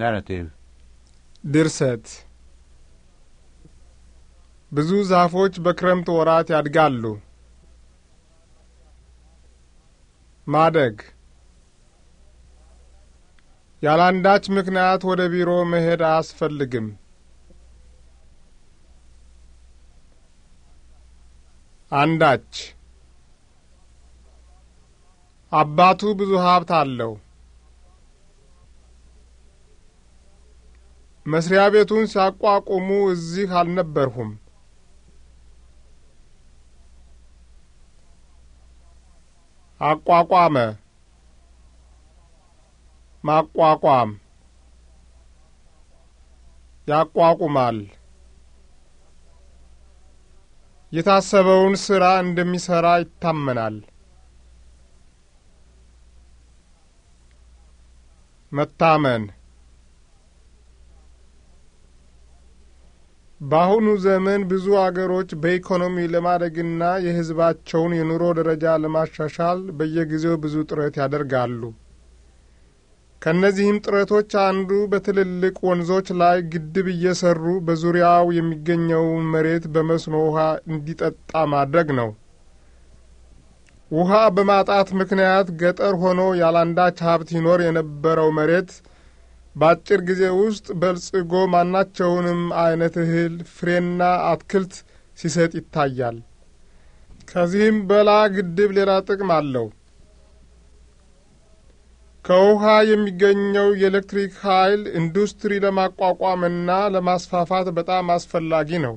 ናራቲቭ ድርሰት ብዙ ዛፎች በክረምት ወራት ያድጋሉ። ማደግ ያላንዳች ምክንያት ወደ ቢሮ መሄድ አያስፈልግም። አንዳች አባቱ ብዙ ሀብት አለው። መስሪያ ቤቱን ሲያቋቁሙ እዚህ አልነበርሁም። አቋቋመ፣ ማቋቋም፣ ያቋቁማል። የታሰበውን ስራ እንደሚሰራ ይታመናል። መታመን በአሁኑ ዘመን ብዙ አገሮች በኢኮኖሚ ለማደግና የሕዝባቸውን የኑሮ ደረጃ ለማሻሻል በየጊዜው ብዙ ጥረት ያደርጋሉ። ከእነዚህም ጥረቶች አንዱ በትልልቅ ወንዞች ላይ ግድብ እየሰሩ በዙሪያው የሚገኘውን መሬት በመስኖ ውሃ እንዲጠጣ ማድረግ ነው። ውሃ በማጣት ምክንያት ገጠር ሆኖ ያላንዳች ሀብት ይኖር የነበረው መሬት በአጭር ጊዜ ውስጥ በልጽጎ ማናቸውንም አይነት እህል ፍሬና አትክልት ሲሰጥ ይታያል። ከዚህም በላ ግድብ ሌላ ጥቅም አለው። ከውሃ የሚገኘው የኤሌክትሪክ ኃይል ኢንዱስትሪ ለማቋቋምና ለማስፋፋት በጣም አስፈላጊ ነው።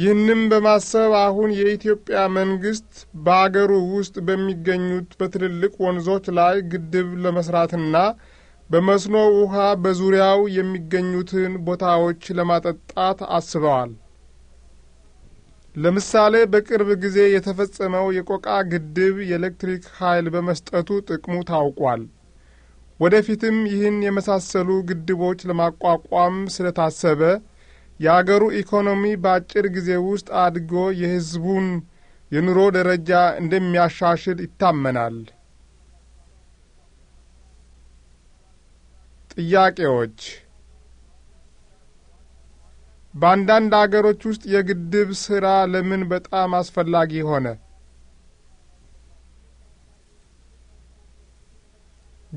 ይህንም በማሰብ አሁን የኢትዮጵያ መንግስት በአገሩ ውስጥ በሚገኙት በትልልቅ ወንዞች ላይ ግድብ ለመስራትና በመስኖ ውሃ በዙሪያው የሚገኙትን ቦታዎች ለማጠጣት አስበዋል። ለምሳሌ በቅርብ ጊዜ የተፈጸመው የቆቃ ግድብ የኤሌክትሪክ ኃይል በመስጠቱ ጥቅሙ ታውቋል። ወደፊትም ይህን የመሳሰሉ ግድቦች ለማቋቋም ስለታሰበ የአገሩ ኢኮኖሚ በአጭር ጊዜ ውስጥ አድጎ የሕዝቡን የኑሮ ደረጃ እንደሚያሻሽል ይታመናል። ጥያቄዎች በአንዳንድ አገሮች ውስጥ የግድብ ስራ ለምን በጣም አስፈላጊ ሆነ?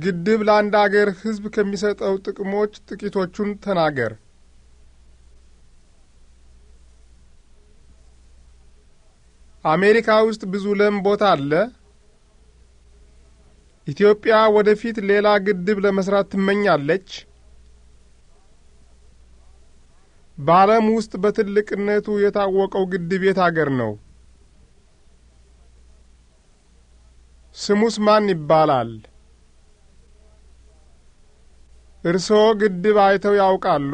ግድብ ለአንድ አገር ሕዝብ ከሚሰጠው ጥቅሞች ጥቂቶቹን ተናገር። አሜሪካ ውስጥ ብዙ ለም ቦታ አለ? ኢትዮጵያ ወደፊት ሌላ ግድብ ለመስራት ትመኛለች? በዓለም ውስጥ በትልቅነቱ የታወቀው ግድብ የት አገር ነው? ስሙስ ማን ይባላል? እርስዎ ግድብ አይተው ያውቃሉ?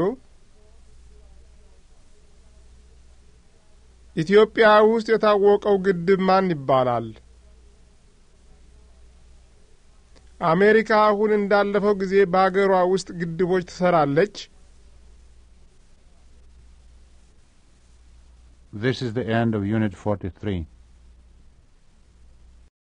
ኢትዮጵያ ውስጥ የታወቀው ግድብ ማን ይባላል? አሜሪካ አሁን እንዳለፈው ጊዜ በአገሯ ውስጥ ግድቦች ትሰራለች? This is the end of Unit 43.